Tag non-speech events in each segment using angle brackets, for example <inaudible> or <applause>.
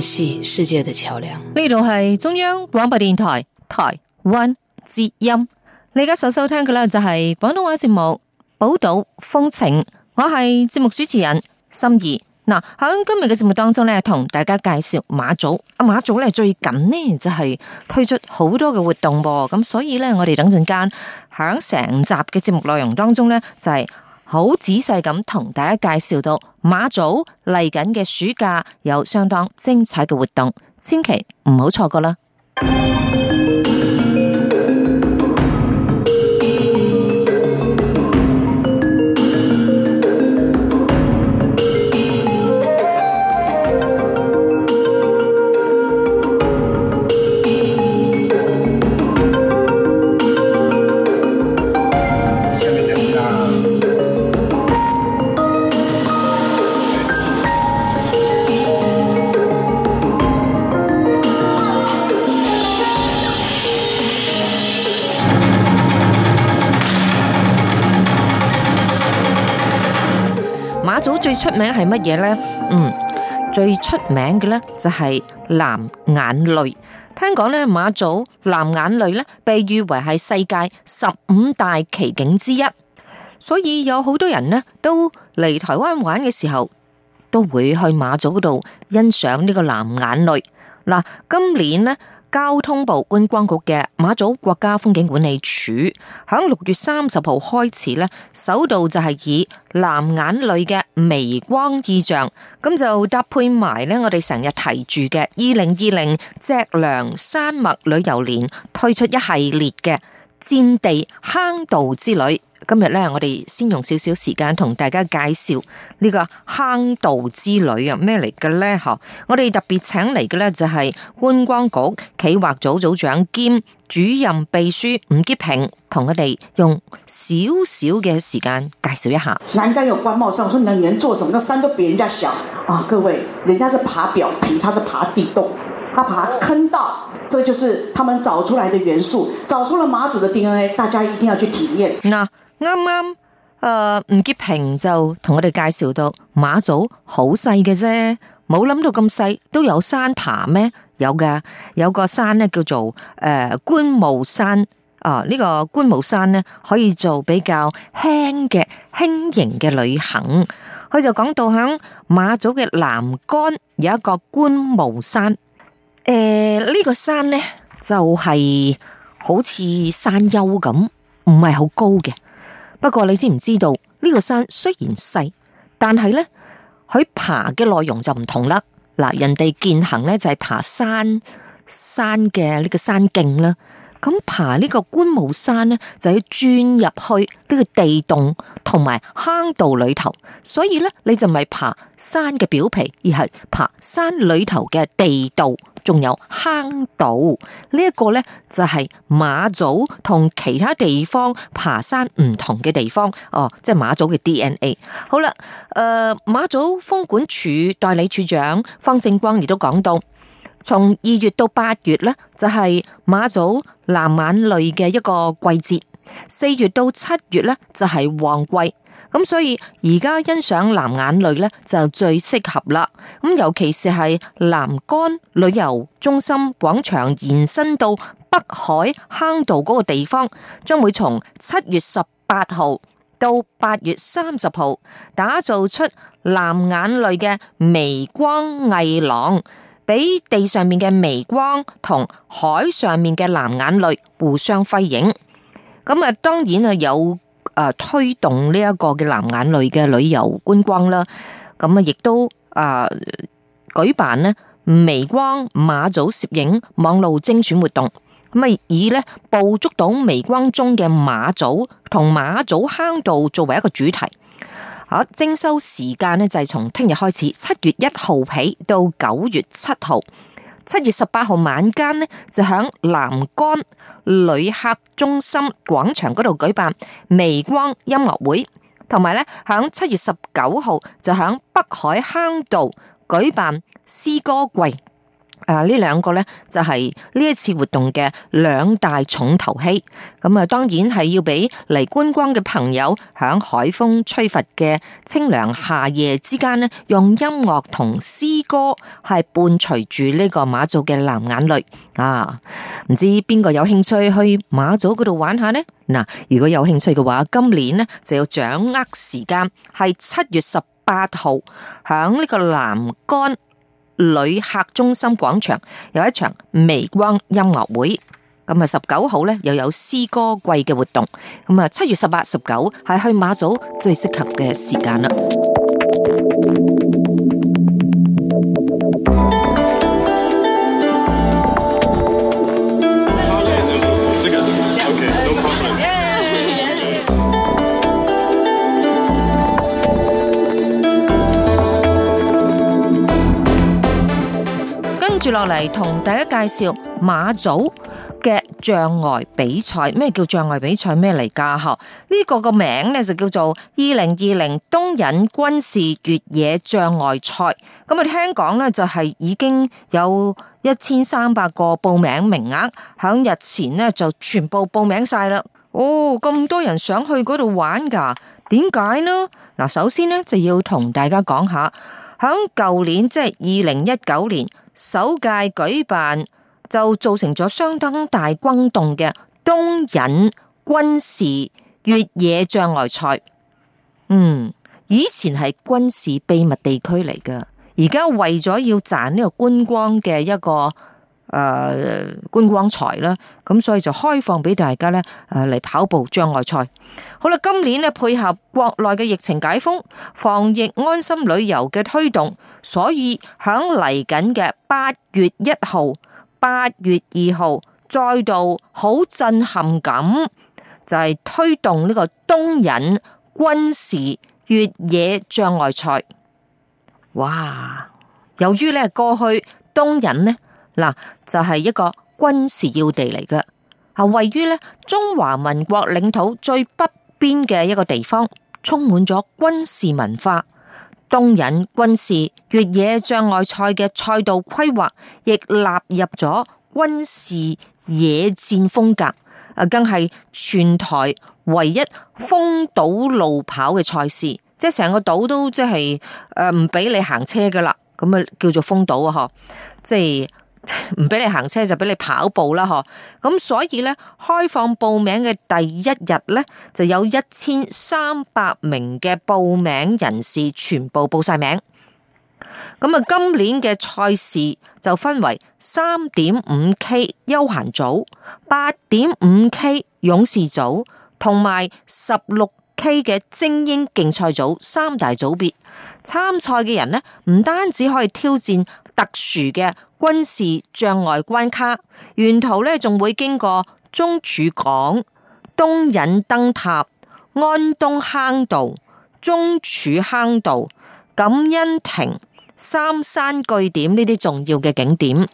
係世界的橋樑。呢度係中央廣播電台台灣節音。你而家所收聽嘅呢，就係廣東話節目《寶島風情》。我係節目主持人心儀。嗱，喺今日嘅節目當中呢，同大家介紹馬祖。阿馬祖呢，最近呢，就係推出好多嘅活動噃，咁所以呢，我哋等陣間響成集嘅節目內容當中呢，就係、是。好仔細咁同大家介紹到馬祖嚟緊嘅暑假有相當精彩嘅活動，千祈唔好錯過啦！名係乜嘢呢？嗯，最出名嘅呢就係藍眼淚。聽講呢，馬祖藍眼淚呢，被譽為係世界十五大奇景之一，所以有好多人呢，都嚟台灣玩嘅時候都會去馬祖嗰度欣賞呢個藍眼淚。嗱，今年呢。交通部觀光局嘅馬祖國家風景管理處，響六月三十號開始咧，首度就係以藍眼淚嘅微光意象，咁就搭配埋咧我哋成日提住嘅二零二零脊梁山脈旅遊年，推出一系列嘅戰地坑道之旅。今日咧，我哋先用少少時間同大家介紹呢個坑道之旅啊！咩嚟嘅咧？嗬，我哋特別請嚟嘅呢，就係觀光局企劃組組長兼主任秘書吳潔平，同我哋用少少嘅時間介紹一下。南竿有官帽山。我說你們做什麼？山都比人家小啊！各位，人家是爬表皮，他是爬地洞，他爬坑道，這就是他們找出來的元素，找出了馬祖的 DNA。大家一定要去體驗。那啱啱，誒，吳潔、呃、平就同我哋介紹到馬祖好細嘅啫，冇諗到咁細都有山爬咩？有㗎，有個山咧叫做誒，官帽山哦。呃這個、觀山，呢個官帽山咧可以做比較輕嘅輕型嘅旅行。佢就講到響馬祖嘅南竿有一個官帽山，誒、呃、呢、這個山咧就係、是、好似山丘咁，唔係好高嘅。不過你知唔知道呢個山雖然細，但係呢，佢爬嘅內容就唔同啦。嗱，人哋健行呢就係爬山山嘅呢個山徑啦，咁爬呢個官帽山呢，就要鑽入去呢個地洞同埋坑道裏頭，所以呢，你就唔係爬山嘅表皮，而係爬山裏頭嘅地道。仲有坑道呢一個呢，就係馬祖同其他地方爬山唔同嘅地方哦，即、就、係、是、馬祖嘅 DNA。好啦，誒、呃，馬祖風管處代理處長方正光亦都講到，從二月到八月呢，就係馬祖藍眼淚嘅一個季節；四月到七月呢，就係旺季。咁所以而家欣賞藍眼淚呢，就最適合啦，咁尤其是係南竿旅遊中心廣場延伸到北海坑道嗰個地方，將會從七月十八號到八月三十號，打造出藍眼淚嘅微光藝廊俾地上面嘅微光同海上面嘅藍眼淚互相輝映。咁啊，當然係有。。推動呢一個嘅藍眼淚嘅旅遊觀光啦，咁啊，亦都誒舉辦咧微光馬祖攝影網路徵選活動，咪以咧捕捉到微光中嘅馬祖同馬祖坑道作為一個主題。好，徵收時間咧就係從聽日開始，七月一號起到九月七號。七月十八號晚間咧，就響南竿旅客中心廣場嗰度舉辦微光音樂會，同埋咧響七月十九號就響北海坑道舉辦詩歌季。誒，呢兩個呢，就係呢一次活動嘅兩大重頭戲，咁啊，當然係要俾嚟觀光嘅朋友，響海風吹拂嘅清涼夏夜之間呢，用音樂同詩歌係伴隨住呢個馬祖嘅藍眼淚啊！唔知邊個有興趣去馬祖嗰度玩下呢？嗱，如果有興趣嘅話，今年呢就要掌握時間，係七月十八號響呢個南竿。旅客中心廣場有一場微光音樂會，咁啊十九號咧又有詩歌季嘅活動，咁啊七月十八、十九係去馬祖最適合嘅時間啦。跟住落嚟，同大家介紹馬祖嘅障礙比賽。咩叫障礙比賽？咩嚟噶？嗬、這、呢個個名咧就叫做二零二零東引軍事越野障礙賽。咁啊，聽講咧就係已經有一千三百個報名名額，響日前咧就全部報名晒啦。哦，咁多人想去嗰度玩噶？點解呢？嗱，首先咧就要同大家講下，響舊年即係二零一九年，就是首屆舉辦就造成咗相當大轟動嘅東引軍事越野障礙賽，嗯，以前係軍事秘密地區嚟㗎，而家為咗要賺呢個觀光嘅一個。誒、呃，觀光賽啦，咁所以就開放俾大家呢誒嚟跑步障礙賽。好啦，今年咧配合國內嘅疫情解封、防疫安心旅遊嘅推動，所以響嚟緊嘅八月一號、八月二號，再度好震撼咁，就係、是、推動呢個東引軍事越野障礙賽。哇！由於呢過去東引呢。嗱，就係一個軍事要地嚟嘅，啊，位於呢中華民國領土最北邊嘅一個地方，充滿咗軍事文化。東引軍事越野障礙賽嘅賽道規劃亦納入咗軍事野戰風格，啊，更係全台唯一封島路跑嘅賽事，即係成個島都即係誒唔俾你行車噶啦，咁啊叫做封島啊，嗬，即係。唔俾你行車就俾你跑步啦，嗬。咁所以呢，開放報名嘅第一日呢，就有一千三百名嘅報名人士全部報晒名。咁啊，今年嘅賽事就分為三點五 K 休閒組、八點五 K 勇士組同埋十六 K 嘅精英競賽組三大組別。參賽嘅人呢，唔單止可以挑戰特殊嘅。軍事障礙關卡，沿途呢仲會經過中柱港、東引燈塔、安東坑道、中柱坑道、感恩亭、三山據點呢啲重要嘅景點。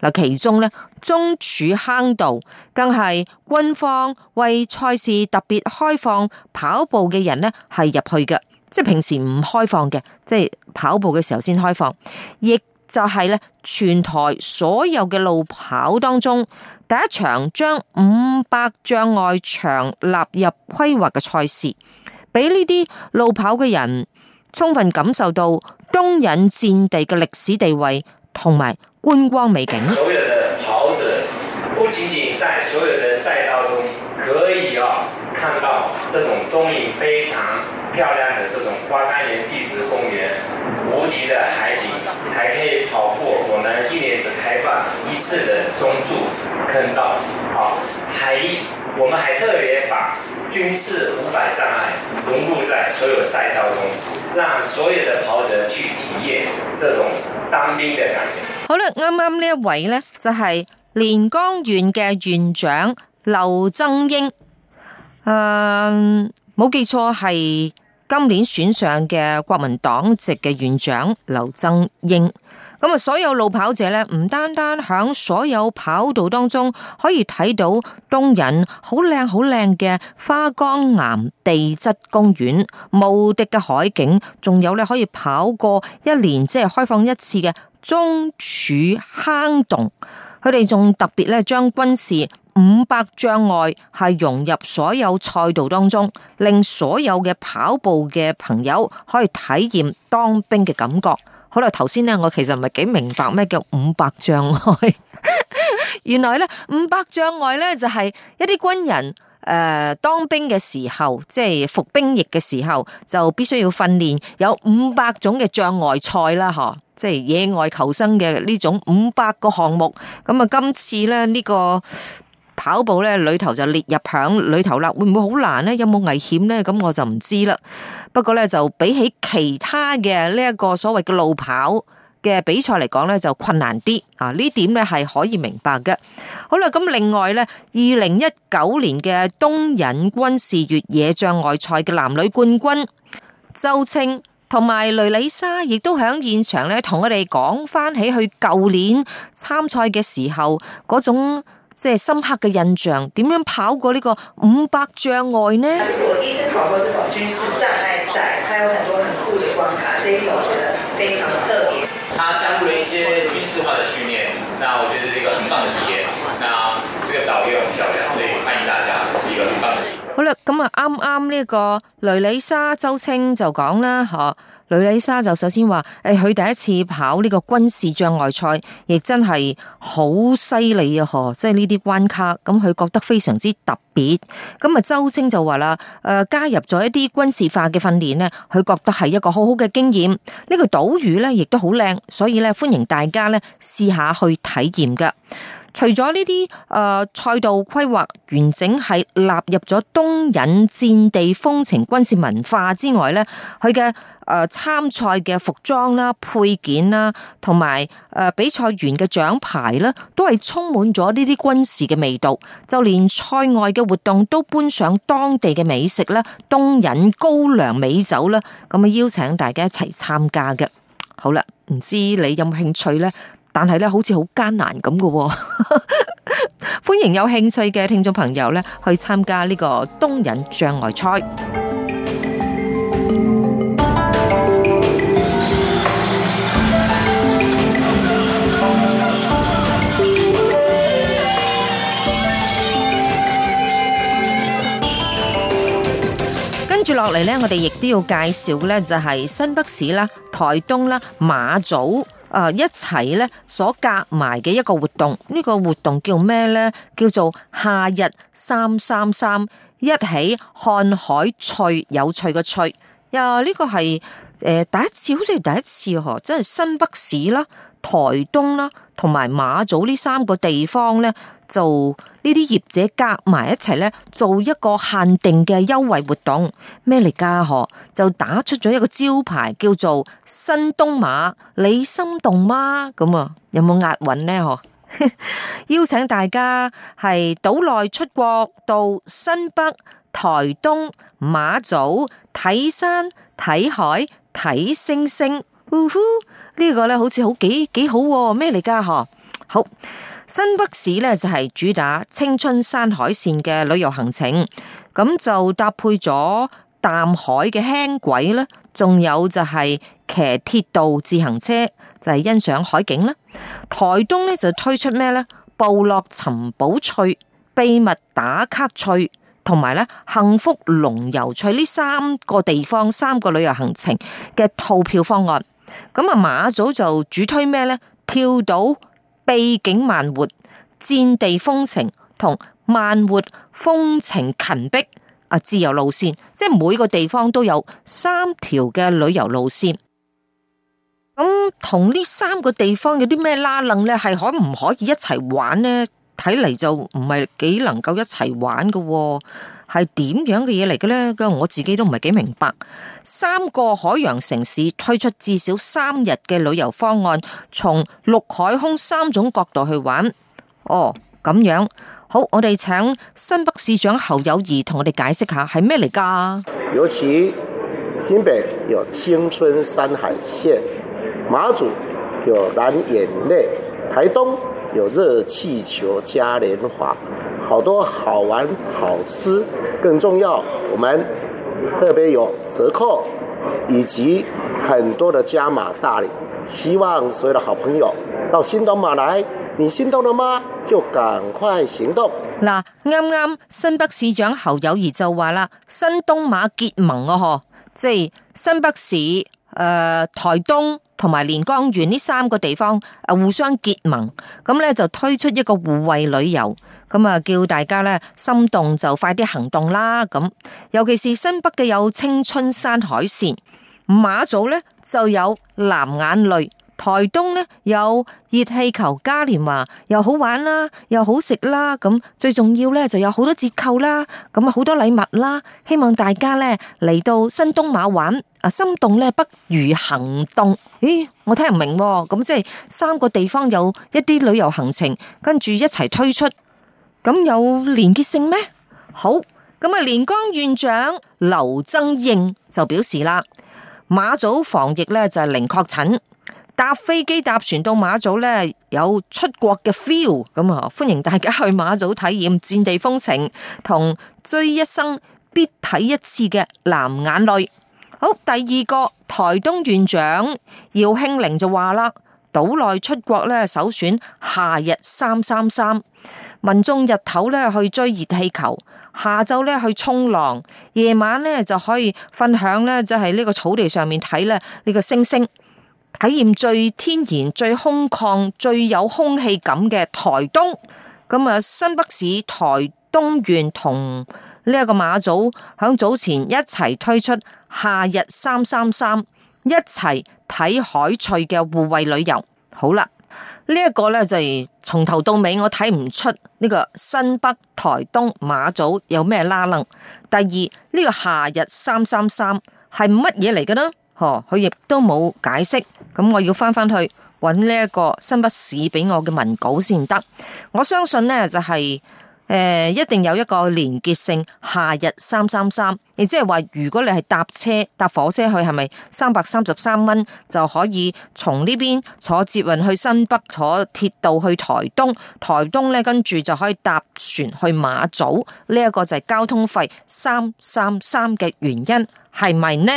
嗱，其中呢，中柱坑道更係軍方為賽事特別開放跑步嘅人呢係入去嘅，即係平時唔開放嘅，即係跑步嘅時候先開放，亦。就係咧，全台所有嘅路跑當中，第一場將五百障礙場納入規劃嘅賽事，俾呢啲路跑嘅人充分感受到東引戰地嘅歷史地位同埋觀光美景。所有的跑者，不僅僅在所有的賽道中可以啊看到這種東引非常。漂亮的這種花崗岩地質公園，無敵的海景，還可以跑過我們一年只開放一次的中柱坑道，好、啊，還我們還特別把軍事五百障礙融入在所有賽道中，讓所有的跑者去體驗這種當兵的感覺。好啦，啱啱呢一位呢，就係、是、連江縣嘅縣長劉增英，嗯、um。冇記錯係今年選上嘅國民黨籍嘅院長劉增英。咁啊，所有路跑者呢，唔單單響所有跑道當中可以睇到東引好靚好靚嘅花崗岩地質公園、無敵嘅海景，仲有咧可以跑過一年即係、就是、開放一次嘅中柱坑洞。佢哋仲特別咧將軍事五百障礙係融入所有賽道當中，令所有嘅跑步嘅朋友可以體驗當兵嘅感覺。好啦，頭先咧，我其實唔係幾明白咩叫五百障礙。 <laughs> 原來咧，五百障礙咧就係一啲軍人誒、呃、當兵嘅時候，即係服兵役嘅時候，就必須要訓練有五百種嘅障礙賽啦，嗬！即係野外求生嘅呢種五百個項目。咁啊，今次咧呢、這個。跑步咧，裏頭就列入響裏頭啦，會唔會好難呢？有冇危險呢？咁我就唔知啦。不過咧，就比起其他嘅呢一個所謂嘅路跑嘅比賽嚟講咧，就困難啲啊。點呢點咧係可以明白嘅。好啦，咁另外呢，二零一九年嘅東引軍事越野障礙賽嘅男女冠軍周青同埋雷里莎亦都響現場咧同我哋講翻起去舊年參賽嘅時候嗰種。即係深刻嘅印象，點樣跑過呢個五百障礙呢？就是我第一次跑過這種軍事障礙賽，還有很多很酷嘅廣場，呢個我覺得非常特別。他加入了一些軍事化的訓練，那我覺得是一個很棒嘅體驗。那這個島又嚟，歡迎大家，這是一個很棒嘅體驗。好啦，咁、嗯、啊，啱啱呢個雷里莎周青就講啦，嗬。呂禮莎就首先話：，誒、欸，佢第一次跑呢個軍事障礙賽，亦真係好犀利啊！嗬，即係呢啲關卡，咁佢覺得非常之特別。咁、嗯、啊，周青就話啦：，誒、呃，加入咗一啲軍事化嘅訓練咧，佢覺得係一個好好嘅經驗。這個、島呢個島嶼呢亦都好靚，所以呢，歡迎大家呢試下去體驗噶。除咗呢啲誒賽道規劃完整，係納入咗東引戰地風情、軍事文化之外呢，佢嘅誒參賽嘅服裝啦、配件啦，同埋誒比賽員嘅獎牌咧，都係充滿咗呢啲軍事嘅味道。就連賽外嘅活動都搬上當地嘅美食啦，東引高粱美酒啦，咁啊邀請大家一齊參加嘅。好啦，唔知你有冇興趣呢？但係咧，好似好艱難咁嘅，歡迎有興趣嘅聽眾朋友咧去參加呢個東引障礙賽。 <music> 跟住落嚟咧，我哋亦都要介紹嘅咧就係新北市啦、台東啦、馬祖。誒、uh, 一齊咧所夾埋嘅一個活動，呢、這個活動叫咩咧？叫做夏日三三三，一起看海趣，有趣嘅趣。又呢個係誒、第一次，好似係第一次嗬，即係新北市啦、台東啦，同埋馬祖呢三個地方咧，就呢啲業者夾埋一齊咧，做一個限定嘅優惠活動咩嚟噶嗬，就打出咗一個招牌叫做新東馬，你心動嗎？咁啊，有冇押韻呢？嗬， <laughs> 邀請大家係島內出國到新北、台東。馬祖睇山睇海睇星星，呢個呢好似好幾幾好咩嚟㗎？嗬，好新北市呢，就係主打青春山海線嘅旅遊行程，咁就搭配咗淡海嘅輕軌啦，仲有就係騎鐵道自行車就係欣賞海景啦。台東呢，就推出咩呢？部落尋寶趣，秘密打卡趣。同埋咧，幸福龍遊趣呢三個地方，三個旅遊行程嘅套票方案。咁啊，馬祖就主推咩咧？跳島、秘境慢活、戰地風情同慢活風情群壁、啊，自由路線，即係每個地方都有三條嘅旅遊路線。咁同呢三個地方有啲咩拉楞咧？係可唔可以一齊玩咧？睇嚟就唔係幾能夠一齊玩嘅。哦，係點樣嘅嘢嚟嘅呢？我自己都唔係幾明白。三個海洋城市推出至少三日嘅旅遊方案，從陸海空三種角度去玩。哦，咁樣好，我哋請新北市長侯友宜同我哋解釋下係咩嚟噶？尤其，新北有青春山海線，馬祖有藍眼淚，台東。有熱氣球嘉年華，好多好玩、好吃，更重要，我們特別有折扣，以及很多的加碼大禮。希望所有的好朋友到新東馬來，你心動了嗎？就趕快行動。嗱，啱啱新北市長侯友宜就話啦，新東馬結盟哦，即係新北市。誒、呃，台東同埋連江縣呢三個地方誒，互相結盟，咁咧就推出一個互惠旅遊，咁啊叫大家咧心動就快啲行動啦！咁尤其是新北嘅有青春山海線，馬祖咧就有藍眼淚，台東咧有熱氣球嘉年華，又好玩啦，又好食啦，咁最重要咧就有好多折扣啦，咁啊好多禮物啦，希望大家咧嚟到新東馬玩。心動咧不如行動。咦，我聽唔明咁，啊，即係三個地方有一啲旅遊行程，跟住一齊推出，咁有連結性咩？好，咁啊，連江縣長劉增應就表示啦，馬祖防疫呢就係零確診，搭飛機搭船到馬祖呢有出國嘅 feel，咁啊歡迎大家去馬祖體驗戰地風情，同追一生必睇一次嘅藍眼淚。好，第二個台東縣長姚慶玲就話啦，島內出國咧，首選夏日三三三，民眾日頭咧去追熱氣球，下晝咧去衝浪，夜晚咧就可以分享咧，就係呢個草地上面睇咧呢個星星，體驗最天然、最空曠、最有空氣感嘅台東。咁啊，新北市台東縣同。呢一個馬祖響早前一齊推出夏日三三三，一齊睇海翠嘅護衛旅遊。好啦，呢、這、一個咧就係從頭到尾我睇唔出呢、這個新北台東馬祖有咩拉楞。第二呢、這個夏日三三三係乜嘢嚟嘅呢？嗬，佢亦都冇解釋。咁我要翻翻去揾呢一個新北市俾我嘅文稿先得。我相信呢就係、是。誒、呃，一定有一個連結性，夏日三三三，亦即係話，如果你係搭車搭火車去，係咪三百三十三蚊就可以從呢邊坐捷運去新北，坐鐵道去台東，台東咧跟住就可以搭船去馬祖？呢、這、一個就係交通費三三三嘅原因，係咪呢？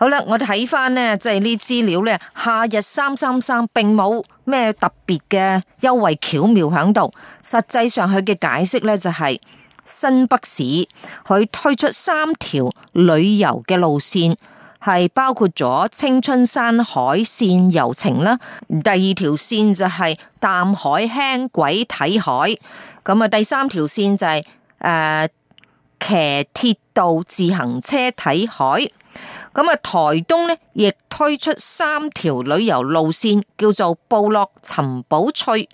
好啦，我哋睇翻呢，就係呢資料呢，夏日三三三，並冇咩特別嘅優惠巧妙喺度。實際上佢嘅解釋呢，就係新北市佢推出三條旅遊嘅路線，係包括咗青春山海線遊程啦。第二條線就係淡海輕軌睇海。咁啊，第三條線就係誒騎鐵道自行車睇海。咁啊，台東呢亦推出三條旅遊路線，叫做部落尋寶趣、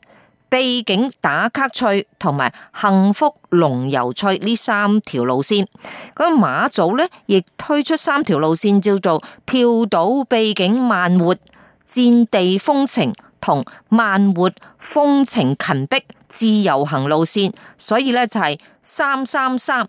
秘境打卡趣同埋幸福農遊趣。呢三條路線。咁馬祖呢亦推出三條路線，叫做跳島秘境慢活、戰地風情同慢活風情芹壁自由行路線。所以呢，就係三三三。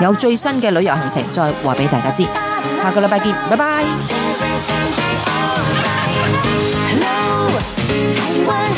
有最新嘅旅遊行程，再話俾大家知。下個禮拜見，拜拜。Hello, Taiwan.